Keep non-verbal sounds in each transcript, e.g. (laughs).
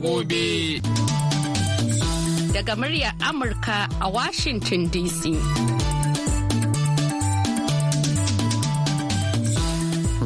gobe. Daga muryar Amurka a Washington DC.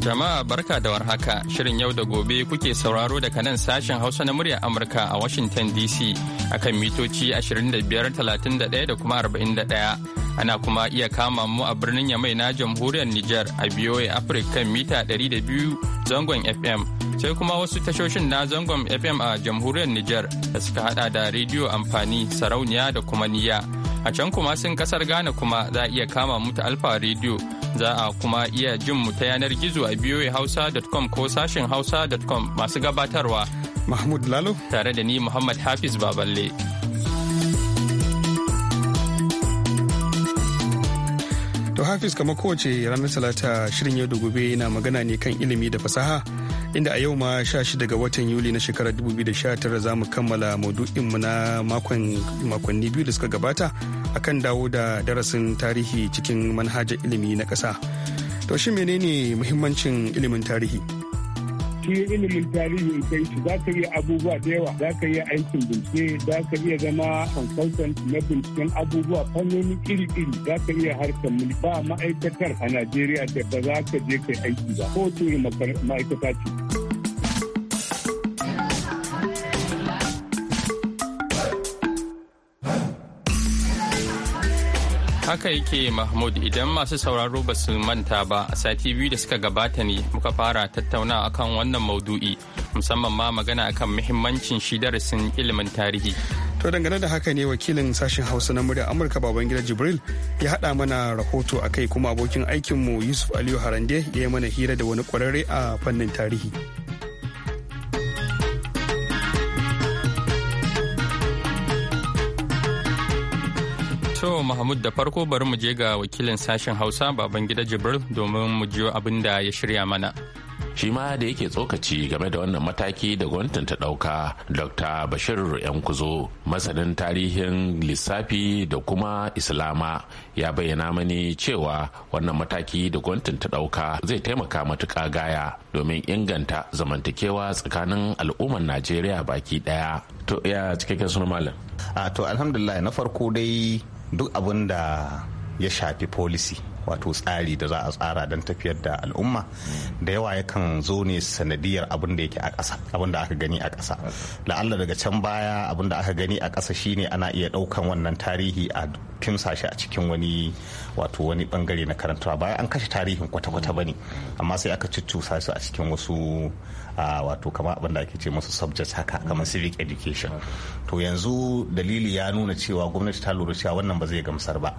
Jama'a barka da warhaka shirin yau da gobe kuke sauraro daga nan sashen Hausa na muryar Amurka a Washington DC akan mitoci 25,31 da kuma 41. Ana kuma iya kama mu a birnin Yamai na jamhuriyar Nijar a BOA Africa mita 200 zangon FM. sai kuma wasu tashoshin na zangon fm a jamhuriyar niger da suka hada da rediyo amfani sarauniya da kuma niya a can kuma sun kasar ghana kuma za a iya kama mu alfa rediyo za a kuma iya jin mu ta yanar gizo a hausa.com ko sashin hausa.com masu gabatarwa mahmud lalo tare da ni muhammad hafiz baballe To Hafiz kamar kowace ranar Talata shirin yau da gobe yana magana ne kan ilimi da fasaha inda a yau ma 16 ga watan yuli na shekarar 2019 za mu kammala mu na makonni biyu da suka gabata akan dawo da darasin tarihi cikin manhajar ilimi na ƙasa. To shi menene muhimmancin ilimin tarihi? shi ilimin tarihi kai shi za ka iya abubuwa da yawa za ka iya aikin bincike za ka iya zama consultant na binciken abubuwa fannoni iri-iri za ka iya harkar mulki ba ma'aikatar a najeriya da ba za ka je kai aiki ba ko ma'aikata ce Haka yake Mahmud idan masu sauraro ba su manta ba a sati biyu da suka gabata ne muka fara tattauna akan wannan maudu'i musamman ma magana akan muhimmancin shi darasin ilimin tarihi. To dangane da haka ne wakilin sashen Hausa na murya Amurka Babangida Jibril ya haɗa mana rahoto a kai kuma abokin aikinmu Yusuf Aliyu Harande ya yi mana hira da wani ƙwararre a fannin tarihi. so Mahmud da farko bari mu je ga wakilin sashen Hausa baban gida Jibril domin mu ji abin da ya shirya mana. shi ma da yake tsokaci game da wannan mataki da gwamnatin ta dauka dr bashir yankuzo masanin tarihin lissafi da kuma islama ya bayyana mani cewa wannan mataki da gwamnatin ta dauka zai taimaka matuƙa gaya domin inganta zamantakewa tsakanin al'ummar najeriya baki daya to ya cikakken suna malam a to alhamdulillah na farko dai duk abun da ya shafi policy wato tsari da za a tsara don tafiyar da al'umma da yawa yakan zo ne sanadiyar abin da yake a ƙasa abin da aka gani a ƙasa la'alla daga can baya abin da aka gani a ƙasa shine ana iya ɗaukan wannan tarihi a kimsa shi a cikin wani wato wani bangare na karantawa Bayan an kashe tarihin kwata-kwata ne amma sai aka cuccusa su a cikin wasu wato kama abin ake ce masu subjects haka kamar civic education to yanzu dalili ya nuna cewa gwamnati ta lura cewa wannan ba zai gamsar ba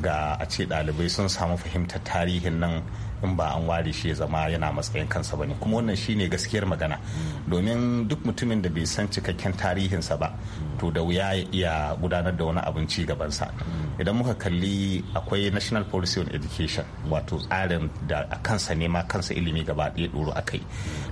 ga a ce ɗalibai sun samu fahimtar tarihin nan in ba an ware shi ya zama yana matsayin kansa bane kuma wannan shine gaskiyar magana domin duk mutumin da bai san cikakken tarihinsa ba to da wuya ya iya gudanar da wani abin ci gabansa idan muka kalli akwai national policy on education wato tsarin da a kansa ne ma kansa ilimi gaba ɗaya ɗoro a kai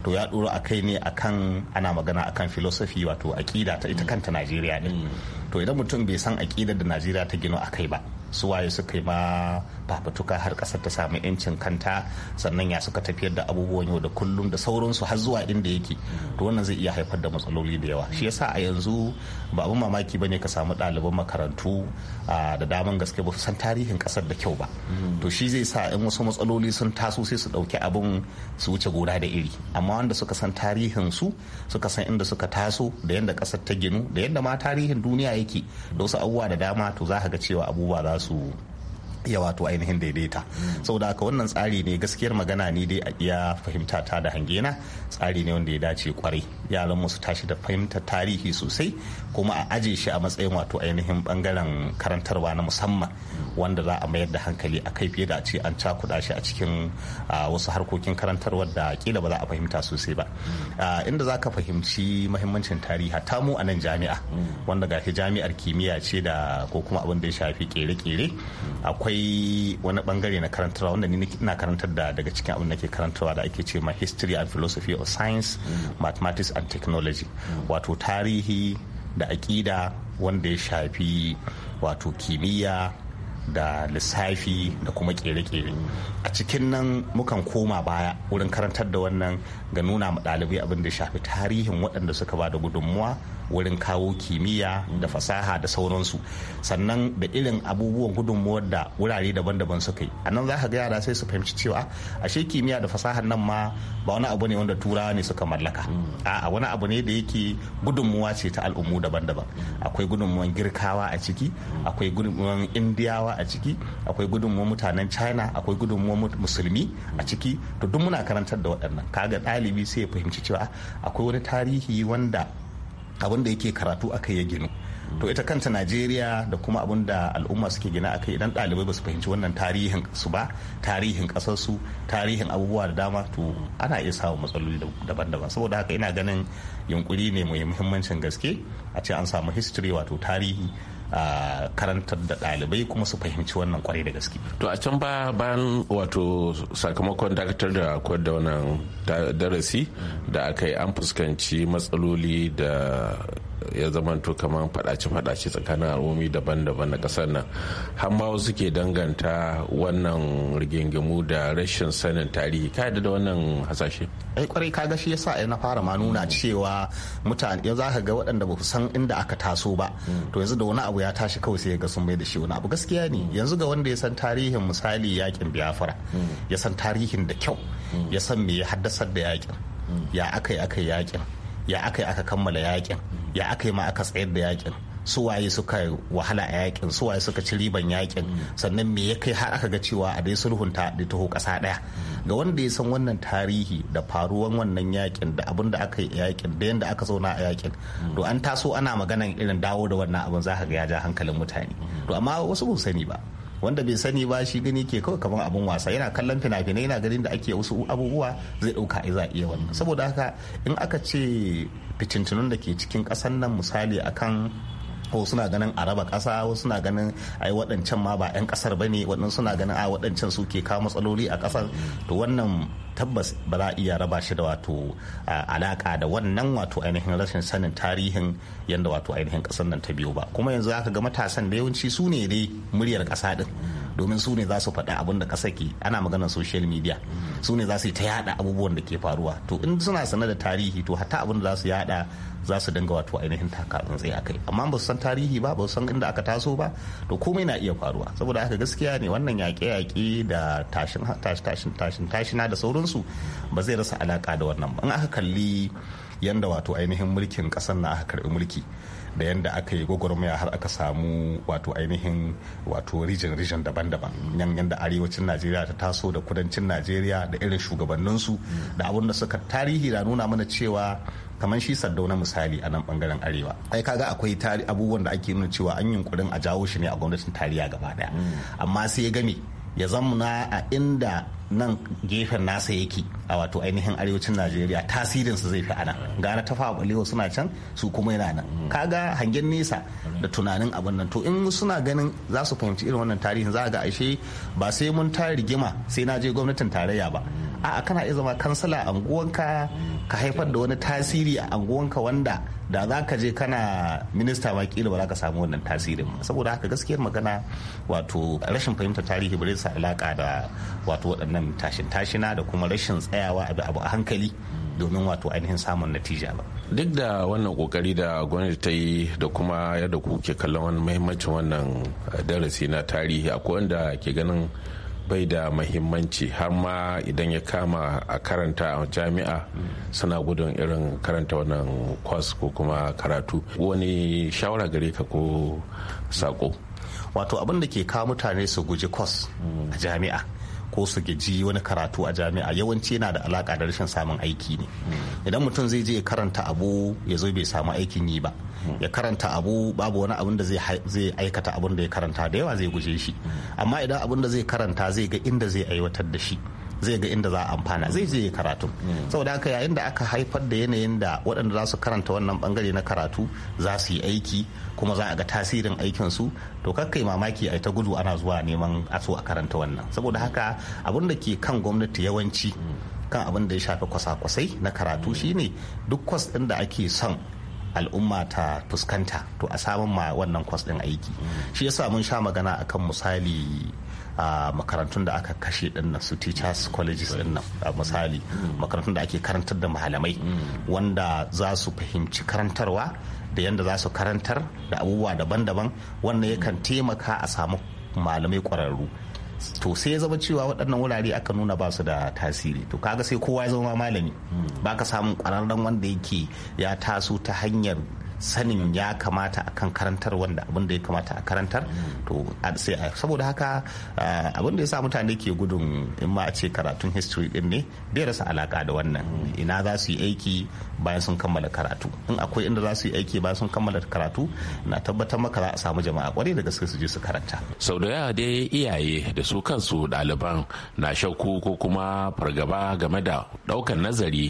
to ya ɗoro a kai ne akan ana magana akan philosophy wato aƙida ta ita kanta najeriya ne to idan mutum bai san aƙidar da najeriya ta gino a kai ba su waye suka yi ma fafutuka har kasar ta sami yancin kanta sannan ya suka tafiyar da abubuwan yau da kullum da sauransu har zuwa inda yake to wannan zai iya haifar da matsaloli da yawa shi yasa a yanzu ba abin mamaki bane ka samu ɗaliban makarantu da daman gaske ba su san tarihin kasar da kyau ba to shi zai sa in wasu matsaloli sun taso sai su ɗauki abin su wuce gona da iri amma wanda suka san tarihin su suka san inda suka taso da yadda kasar ta ginu da yadda ma tarihin duniya yake da wasu abubuwa da dama to za ka ga cewa abubuwa za su ya wato ainihin daidaita saboda haka wannan tsari ne gaskiyar magana ne dai a iya fahimta ta da hangena tsari ne wanda ya dace kwarai yaran mu su tashi da fahimta tarihi sosai kuma a aje shi a matsayin wato ainihin bangaren karantarwa na musamman wanda za a mayar da hankali a kai fiye da a ce an cakuda shi a cikin wasu harkokin karantarwar da kila ba za a fahimta sosai ba inda za ka fahimci mahimmancin tarihi ta mu a nan jami'a wanda ga jami'ar kimiyya ce da ko kuma abin da ya shafi kere-kere akwai akwai wani bangare na karantarwa wanda ni na karantar da daga cikin abin da ke karantarwa da ake ce ma history and philosophy of science mathematics and technology wato tarihi da aƙida wanda ya shafi wato kimiyya da lissafi da kuma kere-kere a cikin nan mukan koma baya wurin karantar da wannan ga nuna ma ɗalibai abin da shafi tarihin waɗanda suka ba da gudunmuwa wurin kawo kimiyya da fasaha da sauransu sannan da irin abubuwan gudunmuwar da wurare daban-daban suka yi a nan za ka ga yara sai su fahimci cewa ashe kimiyya da fasahar nan ma ba wani abu ne wanda turawa ne suka mallaka a wani abu ne da yake gudunmuwa ce ta al'ummu daban-daban akwai gudunmuwan girkawa a ciki akwai gudunmuwan indiyawa a ciki akwai gudunmuwan mutanen china akwai gudunmuwan musulmi a ciki to duk muna karantar da waɗannan kaga ɗalibi sai ya fahimci cewa akwai wani tarihi wanda abin da yake karatu aka ya ginu to ita kanta najeriya da kuma abin da al'umma suke gina aka idan ɗalibai ba su fahimci wannan tarihin su ba tarihin ƙasarsu tarihin abubuwa da dama to ana iya samun matsaloli daban-daban saboda haka ina ganin yunkuri ne mai muhimmancin gaske a ce an samu history wato tarihi a karantar da ɗalibai kuma su fahimci wannan kwarai da gaske to a can ba bayan wato sakamakon dakatar da koyar da wannan darasi da aka yi an fuskanci matsaloli da ya zamanto kamar fadace-fadace tsakanin al'ummi daban-daban na kasar nan har ma wasu ke danganta wannan rigingimu da rashin sanin tarihi ka yadda da wannan hasashe ai eh, kwarai ga shi yasa ai na fara ma nuna cewa mutane ya zaka ga waɗanda ba san inda aka taso ba to yanzu da wani abu ya tashi kawai sai ga sun bai da shi wani abu gaskiya ne yanzu ga wanda ya san tarihin misali yakin biyafara ya san tarihin da kyau ya san me ya haddasar da yakin ya aka yi aka yakin ya aka yi aka kammala yakin ya aka yi ma aka tsayar da yakin su waye suka wahala a yakin su waye suka ci riban yakin mm. sannan me ya kai har aka ga cewa a dai sulhunta da taho kasa daya mm. ga wanda ya san wannan tarihi da faruwan wannan yakin da abin da aka yi a yakin da yadda aka zauna a yakin mm. to an taso ana maganan irin dawo da wannan abin za ka ga ya ja hankalin mutane to amma wasu ba sani ba wanda bai sani ba shi gani ke kawai kamar abin wasa yana kallon fina-finai yana ganin da ake wasu abubuwa zai ɗauka a za iya wannan saboda haka in aka ce fitintunun da ke cikin kasan nan misali akan ko suna ganin a raba ƙasa wasu suna ganin yi waɗancan ma ba 'yan ƙasar ba ne waɗansu suna ganin a waɗancan su ke kawo matsaloli a ƙasar to wannan tabbas ba za a iya raba shi da wato alaka da wannan wato ainihin rashin sanin tarihin yadda wato ainihin ƙasar nan ta biyu ba kuma yanzu aka ga matasan da yawanci su ne dai muryar ƙasa din domin su ne za su faɗi abin da kasa ke ana maganar social media mm. su ne za su yi ta yada abubuwan da ke faruwa to in suna sanar da tarihi to hatta abin da za su yada za su dinga wato ainihin taka tsaye akai amma ba su san tarihi ba ba su san inda aka taso ba to komai na iya faruwa saboda haka gaskiya ne wannan yaƙe-yaƙe da tashin tashin tashin tashina da sauransu ba zai rasa alaka da wannan ba in aka kalli yanda wato ainihin mulkin ƙasar na aka karbi mulki da yadda aka yi gwagwarmaya har aka samu wato ainihin wato rijin rijin daban-daban yan da arewacin najeriya ta taso da kudancin najeriya da irin shugabanninsu da abin da suka tarihi na nuna mana cewa kamar shi saddau na misali a nan bangaren arewa ai kaga akwai abubuwan da ake nuna cewa an yunkurin a jawo shi ne a gwamnatin tariya gaba daya mm. amma sai ya game ya zamuna a inda nan gefen nasa yake a wato ainihin arewacin najeriya tasirin su zai fi ana gana ta fawa balewa suna can su kuma yana nan kaga hangen nesa da tunanin abin nan to in suna ganin za su fahimci irin wannan tarihin za a ga ashe ba sai mun ta rigima sai na je gwamnatin tarayya ba a'a kana iya zama kansala a anguwanka ka haifar da wani tasiri a anguwanka wanda da za ka je kana minista ba kila ba za ka samu wannan tasirin saboda haka gaskiyar magana wato rashin fahimtar tarihi ba zai sa alaka da wato waɗannan tashin tashina da kuma rashin tsayawa a abu a hankali domin wato ainihin samun natija ba. Duk da wannan kokari da gwamnati ta yi da kuma yadda kuke kallon wani mahimmancin wannan darasi na tarihi akwai wanda ke ganin bai da mahimmanci har ma idan ya kama a karanta a jami'a suna gudun irin karanta wannan kwas ko kuma karatu wani shawara gare ka ko sako wato abin da ke kawo mutane su guji kwas a jami'a ko su gaji wani karatu a jami'a yawanci yana da alaka da rashin samun aiki ne idan mutum zai je ya karanta abu ya zo bai samu aikin yi ba ya karanta abu babu wani abin da zai aikata abin da ya karanta da yawa zai guje shi amma idan abin da zai karanta zai ga inda zai aiwatar da shi zai ga inda za a amfana zai je karatu hmm. saboda haka yayin da aka haifar da yanayin da waɗanda za su karanta wannan bangare na karatu za su yi aiki kuma za a ga tasirin aikin su to kakkai mamaki a ta gudu ana zuwa neman a so a karanta wannan saboda haka abin da ke kan gwamnati yawanci hmm. kan abin da ya shafi kwasa-kwasai na karatu hmm. shine duk kwas ɗin da ake son al'umma ta fuskanta to a samun ma wannan kwas ɗin aiki shi yasa mun sha magana akan misali a makarantun da aka kashe dinnan su teachers colleges a misali makarantun da ake karantar da malamai wanda za su fahimci karantarwa da yadda za su karantar da abubuwa daban-daban wannan yakan taimaka a samu malamai ƙwararru to sai ya zama cewa waɗannan wurare aka nuna ba su da tasiri to kaga sai kowa ya zama malami Ba ka samun ƙwararren wanda yake ya taso ta hanyar sanin ya kamata a kan karantar wanda abin da ya kamata a karantar to sai saboda haka abin da ya sa mutane ke gudun in ma a ce karatun history din ne bai rasa alaka da wannan ina za su yi aiki bayan sun kammala karatu in akwai inda za su yi aiki bayan sun kammala karatu na tabbatar maka za a samu jama'a kwarai daga gaske su je su karanta sau da yawa dai iyaye da su kansu ɗaliban na shakku ko kuma fargaba game da ɗaukan nazari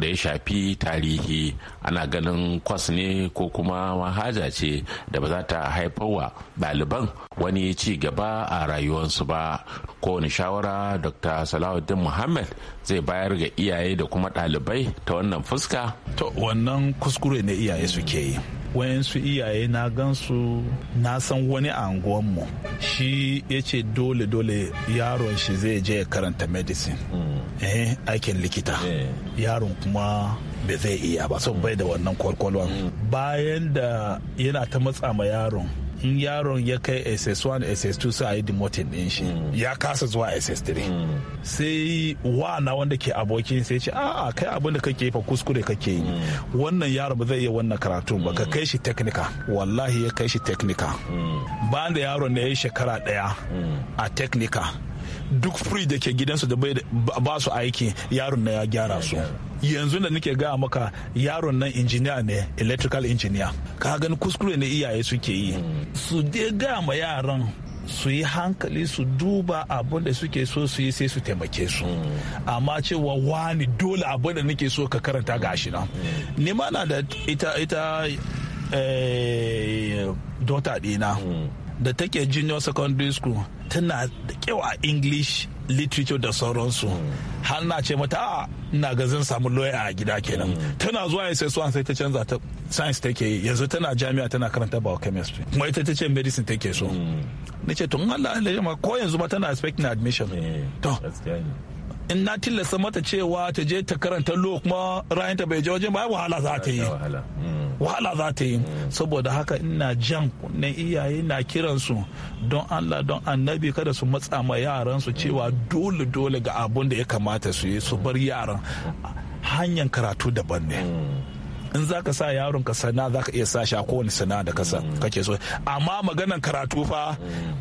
da ya shafi tarihi ana ganin kwas ne ko kuma manhaja ce da ba za ta haifarwa ɗaliban wani ci gaba a rayuwarsu ba kowane shawara dr salahuddin muhammad zai bayar ga iyaye da kuma ɗalibai ta wannan fuska? To wannan kuskure ne iyaye suke yi. wayansu iyaye na gansu na san wani a mu. shi ya ce dole dole yaron shi zai je karanta medicine mm. eh aikin likita eh. yaron kuma bai zai iya ba so bai da wannan kwarkwalwan mm. bayan da yana ta matsa ma yaron in yaron ya kai ss1 ss2 sai a yi demoting din shi mm. ya kasa zuwa ss3 mm. sai wana wanda ke abokin sai ce a'a kai abin da kake fa kuskure kake yi mm. wannan yaron ba zai iya wannan karatun ba ka kai shi teknika wallahi ya kai shi teknika bayan da yaron da ya yi shekara daya a teknika duk free da ke gidansu da ba su aiki yaron na ya gyara su yanzu da nake gaya maka yaron nan injiniya ne electrical engineer ka gani kuskure ne iyaye suke yi su de gaya ma yaran su yi hankali su duba abin da suke so su yi sai su taimake su amma cewa wani dole abin da nake so ka karanta gashi na ni ma na da ita ita eh, dota dina da take junior secondary school tana da kyau a english literature da sauransu har na ce mata a ina ga zan samu lawyer a gida kenan tana zuwa ss sai sai ta canza ta science take yi yanzu tana jami'a tana karanta biochemistry kuma ita ta ce medicine take so hmm. nace to Allah Allah ya ko yanzu ma tana expecting admission eh, to in na tilasta mata cewa ta je ta karanta lo kuma rayanta bai je wajen ba wahala za ta yi mm. wahala za ta yi mm. saboda haka ina jan na iyaye na kiransu don allah don annabi kada su matsa ma yaran su cewa dole dole ga abun da ya kamata su yi su bar yaran hanyar karatu daban ne mm. in za ka sa yaron ka sana za ka iya sa shi a kowane sana da kasa kake so amma maganan karatu fa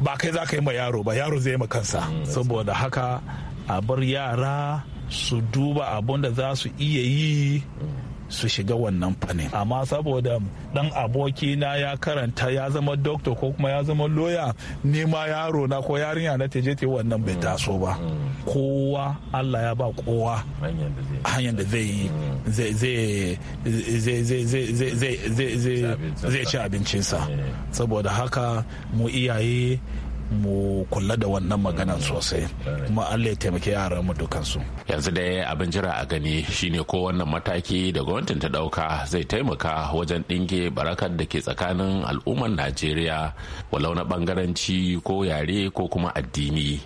ba kai za ka yi ma yaro ba yaro zai yi ma kansa saboda haka a bar yara su duba abun da za su iya yi su shiga wannan fannin amma saboda dan aboki na ya karanta ya zama doctor ko kuma ya zama loya ni ma yaro na ko yarinya na teje te wannan bai taso ba kowa Allah ya ba kowa hanyar da zai zai ci abincinsa saboda haka mu iyaye mu kula da wannan maganan sosai kuma allah ya taimaki yaran mu dukansu yanzu dai abin jira a gani shine ko wannan mataki da gwamnatin ta dauka zai taimaka wajen dinge barakar da ke tsakanin al'ummar najeriya walau na bangaranci ko yare ko kuma addini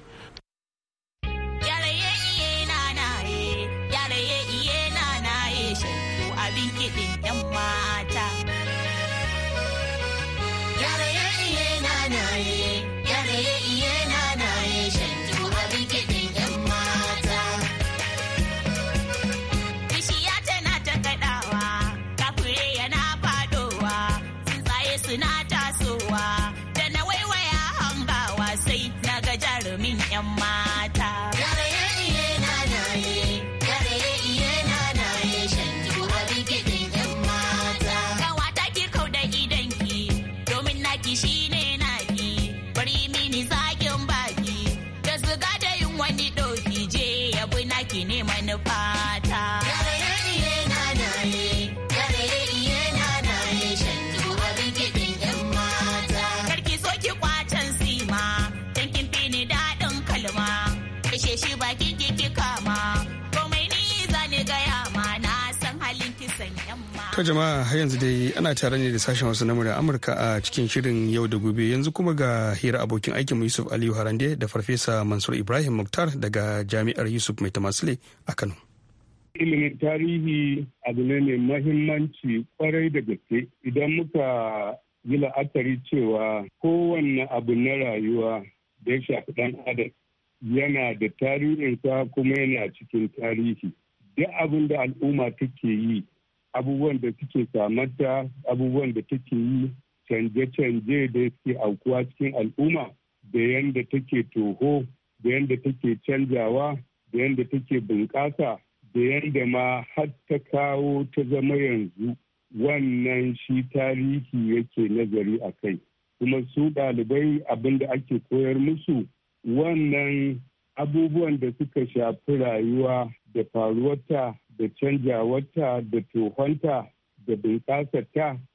To jama'a har yanzu dai ana tare ne da sashen wasu namurar Amurka a cikin shirin yau da gobe yanzu kuma ga hira abokin aikinmu Yusuf Aliyu Harande da Farfesa Mansur Ibrahim muktar daga Jami'ar Yusuf Mai Tamasile a Kano. Ilimin tarihi abu ne mai mahimmanci kwarai da gaske idan muka yi la'akari cewa kowanne abu na rayuwa da ya shafi ɗan adam yana da tarihinsa kuma yana cikin tarihi. Duk abin da al'umma take yi abubuwan da suke samarta abubuwan da take yi canje-canje da suke aukuwa cikin al'umma da yadda take toho da yadda take canjawa da yadda take bunƙasa da yadda ma har ta kawo ta zama yanzu wannan shi tarihi yake nazari a kai kuma su ɗalibai abin da ake koyar musu wannan abubuwan da suka shafi rayuwa da faruwarta da canja wata da tohonta da ta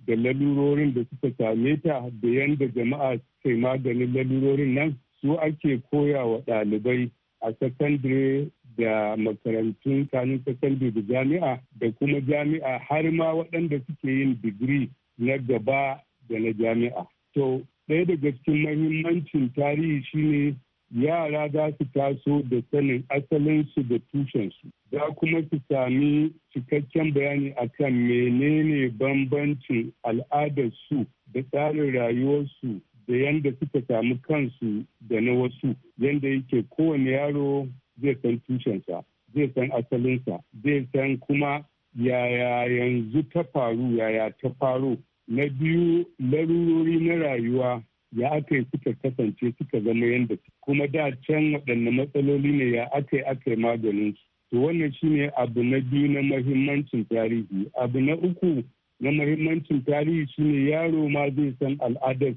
da lalurorin da suka same ta da yadda jama'a suke maganin lalurorin nan su ake koya wa ɗalibai a sakandare da makarantun kanun sakandare da jami'a da kuma jami'a har ma waɗanda suke yin digiri na gaba da na jami'a. To ɗaya daga cikin mahimmancin tarihi shine yara za su taso da sanin asalinsu da tushensu za kuma su sami cikakken bayani a kan menene bambancin al'adarsu da tsarin rayuwarsu da yadda suka sami kansu da na wasu yadda yake kowane yaro zai san tushensa zai san asalinsa zai san kuma yaya yanzu ta faru yaya ta faro na biyu larurori na rayuwa ya aka yi suka kasance suka zama yadda kuma da can waɗanne matsaloli ne ya aka yi aka yi maganinsu wannan shine abu na biyu na mahimmancin tarihi abu na uku na mahimmancin tarihi shine yaro ma zai san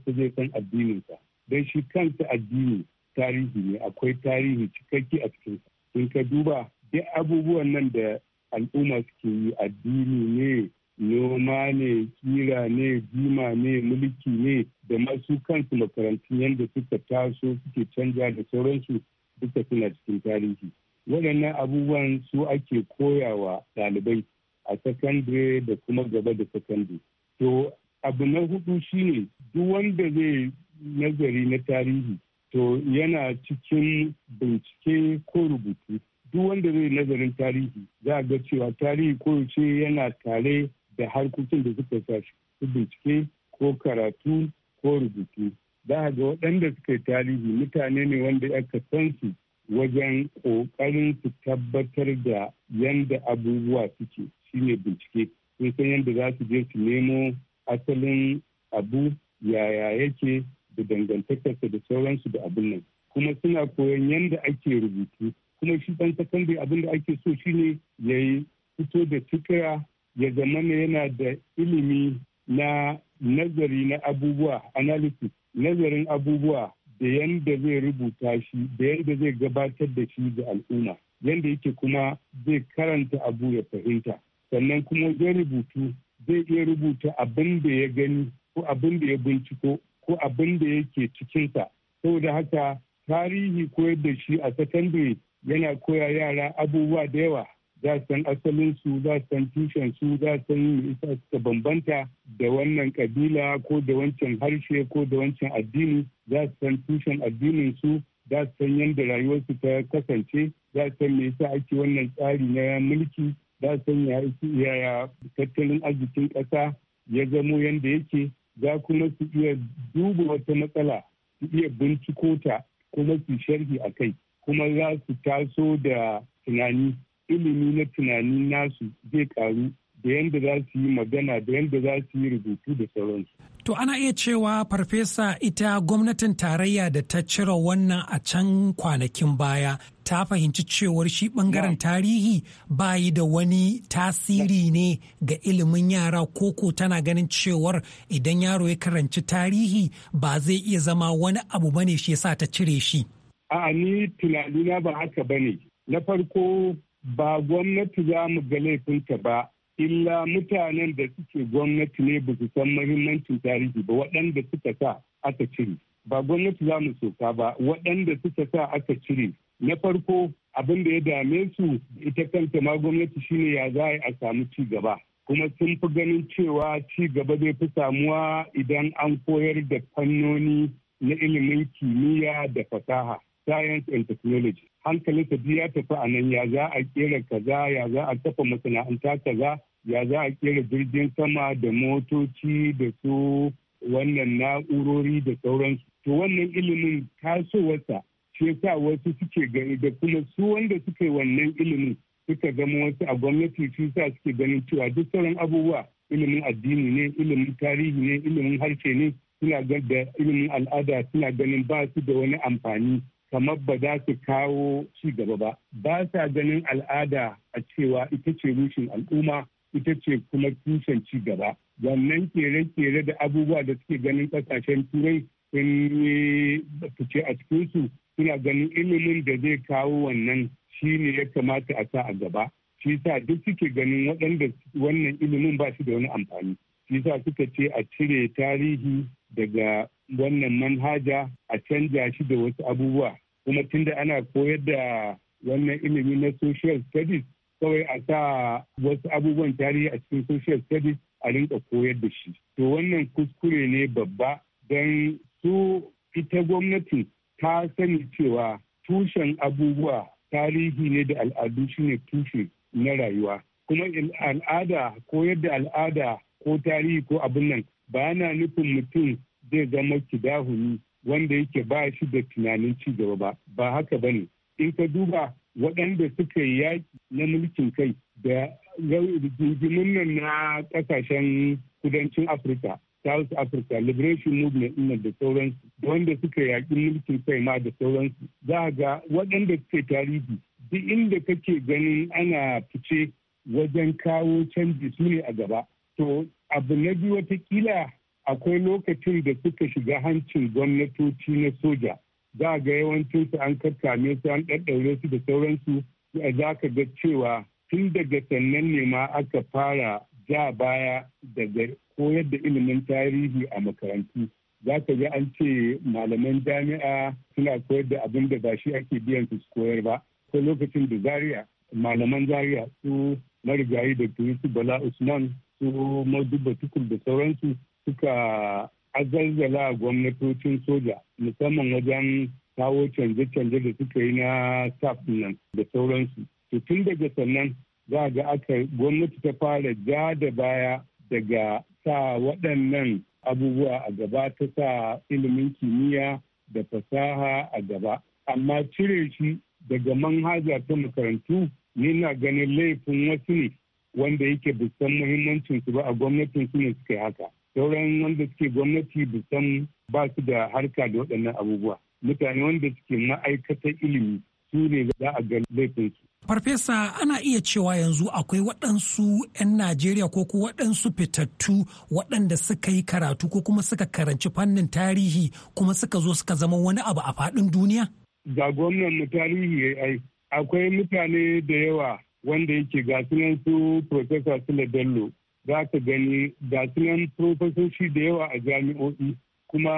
su zai san addininsa don shi kansa addini tarihi ne akwai tarihi cikakke a cikin in ka duba duk abubuwan nan da al'umma suke yi addini ne noma ne kira ne jima ne mulki ne da masu kansu makarantun yadda suka taso suke canja da sauransu duka suna cikin tarihi waɗannan abubuwan su ake koyawa ɗalibai a sakandare da kuma gaba da sakandare to abu na hudu shine duk wanda zai nazari na tarihi to yana cikin bincike ko rubutu duk wanda zai nazarin tarihi za a ga cewa tarihi koyaushe yana tare da harkokin da suka sashi bincike ko karatu ko rubutu za a ga waɗanda suka yi tarihi mutane ne wanda aka san su wajen ƙoƙarin su tabbatar da yanda abubuwa suke shine bincike sun san yadda za su je su nemo asalin abu yaya yake da dangantakarsa da sauransu da abin nan kuma suna koyon yadda ake rubutu kuma shi ɗan sakandare abin da ake so shine ya yi fito da tukira ya zama yana da ilimi na nazari na abubuwa analysis nazarin abubuwa da yanda zai rubuta shi da yanda zai gabatar da shi ga al'umma yanda yake kuma zai karanta abu ya fahimta sannan kuma zai rubutu zai iya rubuta abin da ya gani ko abin da ya binciko ko abin da yake cikinsa saboda haka tarihi koyar da shi a sakandare yana koya yara abubuwa da yawa za su san asalin su za su san tushen su za su san isa suka bambanta da wannan kabila ko da wancan harshe ko da wancan addini za su san tushen addinin su za su san yadda rayuwarsu ta kasance za su san me yasa ake wannan tsari na mulki za su san yaya tattalin arzikin ƙasa ya zamo yadda yake za kuma su iya duba wata matsala su iya binciko ta kuma su sharhi a kai kuma za su taso da tunani ilimi na tunani nasu zai karu da yadda za su yi magana da yadda za su yi rubutu da sauransu. To ana iya cewa farfesa ita gwamnatin tarayya da ta cire wannan a can kwanakin baya ta fahimci cewar shi bangaren tarihi bayi da wani tasiri ne ga ilimin yara koko tana ganin cewar idan yaro ya karanci tarihi ba zai iya zama wani abu bane shi yasa ta cire shi. 'a ni tunanina ba haka bane. Na farko ba gwamnati za mu ga laifinta ba illa mutanen da suke gwamnati ne ba su san mahimmancin tarihi ba waɗanda suka sa aka cire ba gwamnati za mu soka ba waɗanda suka sa aka cire na farko abin da ya dame su ita kanta ma gwamnati shine ya za a samu ci gaba kuma sun fi ganin cewa ci gaba zai fi samuwa idan an koyar da fannoni na ilimin kimiyya da fasaha science and technology hankali ta biya tafi a nan ya za a kera kaza ya za a kafa masana'anta kaza ya za a kera jirgin sama da motoci da su wannan na'urori da sauransu to wannan ilimin tasowarsa shi sa wasu suke gani da kuma su wanda suke wannan ilimin suka zama wasu a gwamnati shi sa suke ganin cewa duk sauran abubuwa ilimin addini ne ilimin tarihi ne ilimin harshe ne suna da ilimin al'ada suna ganin ba su da wani amfani kamar ba za su kawo ci gaba ba ba sa ganin al'ada a cewa ita ce rushin al'umma ita ce kuma tushen ci gaba wannan kere-kere da abubuwa da suke ganin kasashen turai sun yi fice a su suna ganin ilimin da zai kawo wannan shi ne ya kamata a sa a gaba shi sa duk suke ganin waɗanda wannan ilimin ba shi da wani amfani sa suka ce a cire tarihi daga wannan manhaja a canja shi da wasu abubuwa kuma tunda ana koyar da wannan ilimi na social studies kawai a sa wasu abubuwan tarihi a cikin social studies a rinka koyar da shi to wannan kuskure ne babba don su ita gwamnati ta sani cewa tushen abubuwa tarihi ne da al'adu shine tushe na rayuwa kuma al'ada koyar da al'ada ko tarihi ko abin nan ba yana nufin mutum zai zama kidahuni wanda yake ba shi da tunanin ci gaba ba ba haka bane in ka duba waɗanda suka yi yaƙi na mulkin kai da rigimin nan na ƙasashen kudancin afirka south africa liberation movement ina da sauransu da wanda suka yaƙi mulkin kai ma da sauransu za a ga waɗanda suka tarihi duk inda kake ganin ana fice wajen kawo canji su ne a gaba to abu na biyu watakila akwai lokacin da suka shiga hancin gwamnatoci na soja za a ga yawancin su an kakkame su an ɗaɗɗaure su da sauransu za ka ga cewa tun daga sannan ne ma aka fara ja baya daga koyar da ilimin tarihi a makarantu za ka ga an ce malaman jami'a suna koyar da abin da ba shi ake biyan su koyar ba ko lokacin da zaria malaman zaria su marigayi da turisu bala usman su madubba tukul da sauransu suka azalzala gwamnatocin soja musamman wajen kawo canje-canje da suka yi na staff nan da sauransu. To tun daga sannan za ga aka gwamnati ta fara ja da baya daga sa waɗannan abubuwa a gaba ta sa ilimin kimiyya da fasaha a gaba. Amma cire shi daga manhaja ta makarantu ne na ganin laifin wasu ne wanda yake bisan muhimmancin su ba a gwamnatin su ne suka yi haka sauran wanda suke gwamnati bisan ba su da harka da waɗannan abubuwa mutane wanda suke ma'aikatar ilimi su ne za a ga laifinsu Farfesa ana iya cewa yanzu akwai waɗansu 'yan Najeriya ko ku waɗansu fitattu waɗanda suka yi karatu ko kuma suka karanci fannin tarihi kuma suka zo suka zama wani abu a faɗin duniya? Ga gwamnan mu tarihi ai akwai mutane da yawa wanda yake gasunan su profesa sule bello za ka gani gasunan profesoshi da yawa a jami'o'i kuma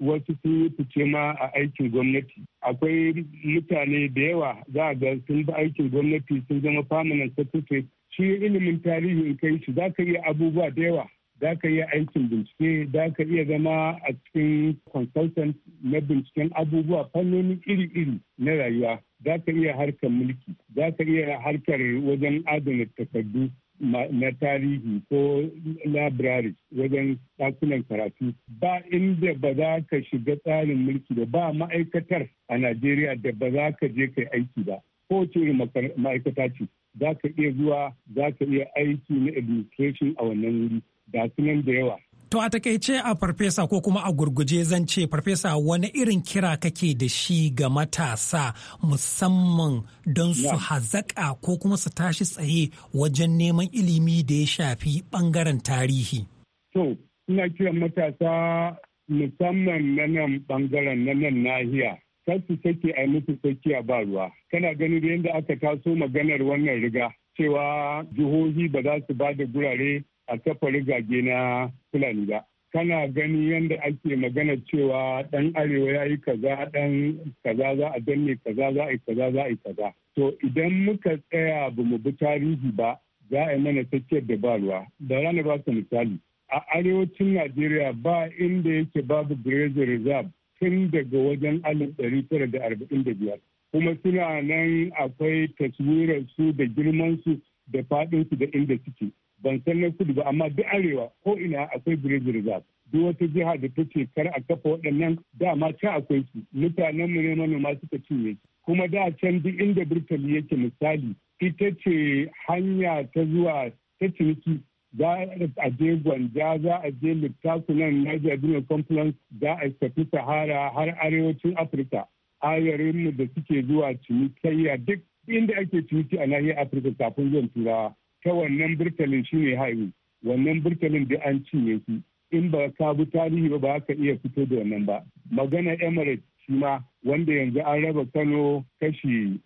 wasu su fice ma a aikin gwamnati akwai mutane da yawa za ga sun bi aikin gwamnati sun zama permanent secretary shi ilimin tarihi in kai shi za ka iya abubuwa da yawa za ka iya aikin bincike za ka iya zama a cikin consultant na binciken abubuwa fannoni iri-iri na rayuwa za ka iya harkar mulki za ka iya harkar wajen adana takardu na tarihi ko library wajen ɗakunan karatu ba inda ba za ka shiga tsarin mulki da ba ma'aikatar a najeriya da ba za ka je kai aiki ba ko ce ma'aikata ce za ka iya zuwa za ka iya aiki na administration a wannan wuri da sunan da yawa. To a takaice a farfesa ko kuma a gurguje zan ce farfesa wani irin kira kake da shi ga matasa musamman don su hazaƙa ko kuma su tashi tsaye wajen neman ilimi da ya shafi ɓangaren tarihi. To, ina kiran matasa musamman na nan ɓangaren na nan nahiya. Kar su a musu tsakiya ba ruwa. Kana gani da yadda aka taso maganar wannan riga cewa jihohi ba za su ba da gurare a kafa rigage na fulani ba kana gani yadda ake magana cewa ɗan arewa ya yi kaza ɗan kaza za a danne kaza za a yi kaza za a yi kaza to idan muka tsaya ba mu bi tarihi ba za a yi mana tsakiyar da ba ruwa da rana ba su misali a arewacin najeriya ba inda yake babu grazer reserve tun daga wajen alif ɗari tara da arba'in da biyar kuma suna nan akwai taswirar su da girman su da faɗin su da inda suke ban san na kudu ba amma duk arewa ko ina akwai birgirga duk wata jiha da ta ce kar a kafa waɗannan dama ta akwai su mutanen mu ne manoma suka cinye kuma da can duk inda burtali yake misali ita ce hanya ta zuwa ta ciniki za a je gwanja za a je nan niger duniya conference za a tafi sahara har arewacin afirka ayarinmu da suke zuwa cinikayya duk inda ake ciniki a nahiyar afirka kafin zuwan turawa ta wannan burtalin shine haihu wannan burtalin da an cinye shi in ba ka bi tarihi ba ba ka iya fito da wannan ba magana emirates shi ma wanda yanzu an raba kano kashi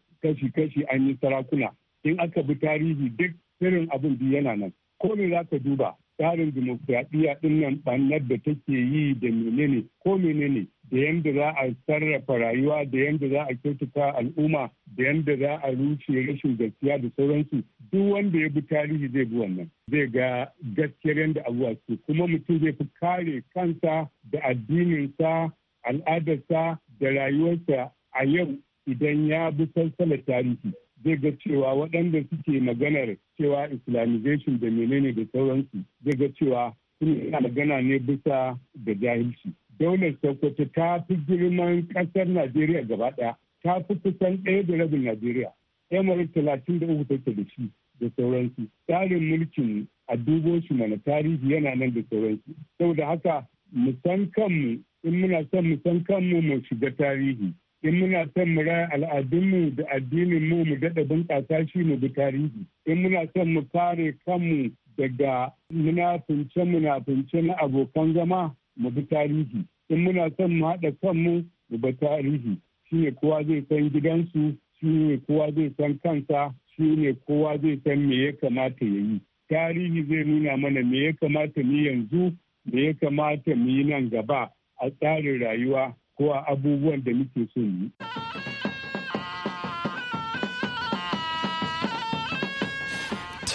kashi an yi sarakuna in aka bi tarihi duk irin abin da yana nan ko ne za ka duba tsarin dimokuraɗiyya ɗin nan ɓannar da take yi da menene ko menene da yadda za a sarrafa rayuwa da yadda za a kyautata al'umma da yadda za a rushe rashin gaskiya da sauransu duk wanda ya bi tarihi zai bi wannan zai ga gaskiyar yadda abubuwa su kuma mutum zai fi kare kansa da addininsa al'adarsa da rayuwarsa a yau idan ya bi salsalar tarihi zai ga cewa waɗanda suke maganar cewa islamization da menene da sauransu zai ga cewa suna magana ne bisa da jahilci daular sokoto ta fi girman kasar najeriya gaba daya ta fi kusan ɗaya da rabin najeriya mara talatin da uku take da shi da sauransu tsarin mulkin a dubo shi mana tarihi yana nan da sauransu saboda haka mu san kanmu in muna son mu san kanmu mu shiga tarihi in muna son mu raya al'adunmu da addinin mu mu daɗa bunƙasa shi mu bi tarihi in muna son mu kare kanmu daga munafince-munafince na abokan zama mu bi tarihi in muna son mu haɗa kanmu mu bi tarihi shi ne kowa zai san gidansu shi ne kowa zai san kansa shi ne kowa zai san me ya kamata ya yi tarihi zai nuna mana me ya kamata mu yanzu me ya kamata mu yi nan gaba a tsarin rayuwa ko a abubuwan da muke so yi.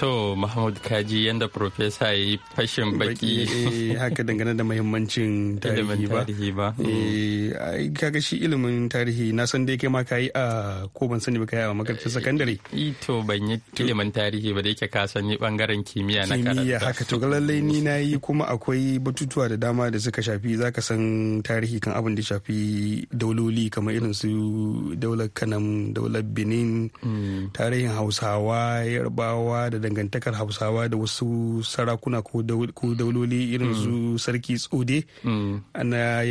so mahmud kaji yadda profesa ya yi fashin baki eh, haka dangane da mahimmancin (laughs) tarihi ba eh, kaga shi ilimin tarihi na san dai kai ma kayi a ko ban sani ba yi a makarantar sakandare eh, to ban yi ilimin tarihi ba da yake ka san bangaren kimiyya na karanta kimiyya haka to lallai ni na yi kuma akwai batutuwa da dama da suka shafi za ka san tarihi kan abin da shafi dauloli kamar irin su daular kanam daular benin hmm. tarihin hausawa yarbawa da dangantakar hausawa da wasu sarakuna ko dauloli irin su mm. sarki tsode mm. na (laughs)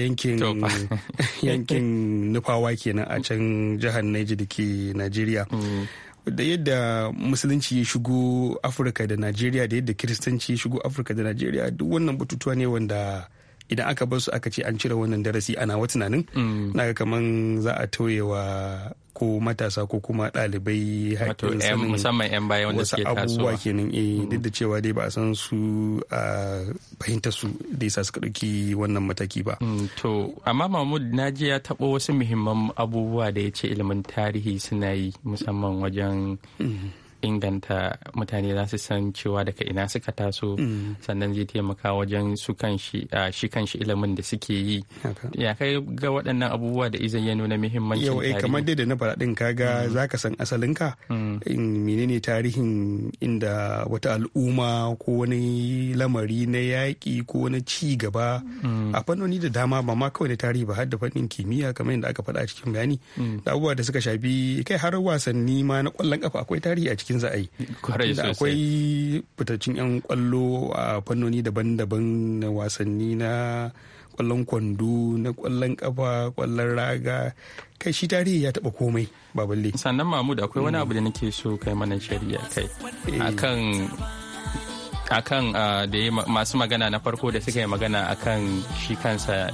yankin nufawa kenan a can jihar Niger da ke Najeriya. Mm. da yadda musulunci ya shigo afirka da najeriya da yadda kiristanci ya shigo afirka da najeriya duk wannan batutuwa ne wanda idan aka basu aka ce an cire wannan darasi ana wa tunanin na ga kaman za a tauye wa ko matasa ko kuma ɗalibai musamman 'yan baya wanda suke abubuwa kenan eh mm. duk da cewa dai ba a san su a fahimtar su da yasa suka ɗauki wannan mataki ba. Mm, to amma mahmud naji ya taɓo wasu muhimman abubuwa da ya ce ilimin tarihi suna yi musamman wajen mm. inganta mutane za su san cewa daga ina suka taso mm. sannan zai taimaka wajen su kan shi kan shi ilimin da suke yi ya kai ga waɗannan abubuwa da izan ya nuna muhimmancin yau eh kamar dai da na faɗa ɗin kaga mm. za ka san asalinka mm. in menene tarihin inda wata al'umma ko wani lamari na yaƙi ko wani ci gaba a fannoni da dama ba ma kawai da tarihi ba har da fannin kimiyya kamar yadda aka faɗa a cikin bayani da abubuwa da suka shafi kai har wasanni ma na ƙwallon kafa akwai tarihi a ciki binciken za a yi akwai fitaccen 'yan kwallo a fannoni daban-daban na wasanni na kwallon kwando na kwallon kafa kwallon raga kai shi tarihi ya taba komai ba balle sannan da akwai wani mm. abu da nake so kai mana shari'a kai eh. akan akan ah, da masu magana na farko da suka yi magana akan shi kansa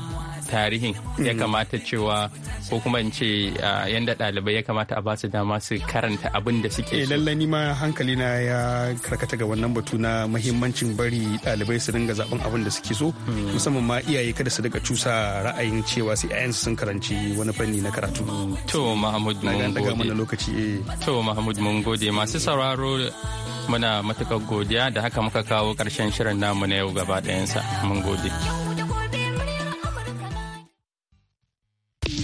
tarihin ya mm. kamata cewa ko kuma in ce yadda ɗalibai ya kamata a basu dama su karanta abin da suke eh, so. lallai ni ma hankali na ya karkata ga wannan batu na mahimmancin bari ɗalibai su dinga zaben abin da suke so mm. musamman ma iyaye kada su daga cusa ra'ayin cewa sai ƴaƴansu sun karanci wani fanni na karatu. Mm. To Mahmud mun gode. lokaci eh. To Mahmud mun gode masu sauraro muna matukar godiya da haka muka kawo ƙarshen shirin namu na yau gaba ɗayansa mun gode.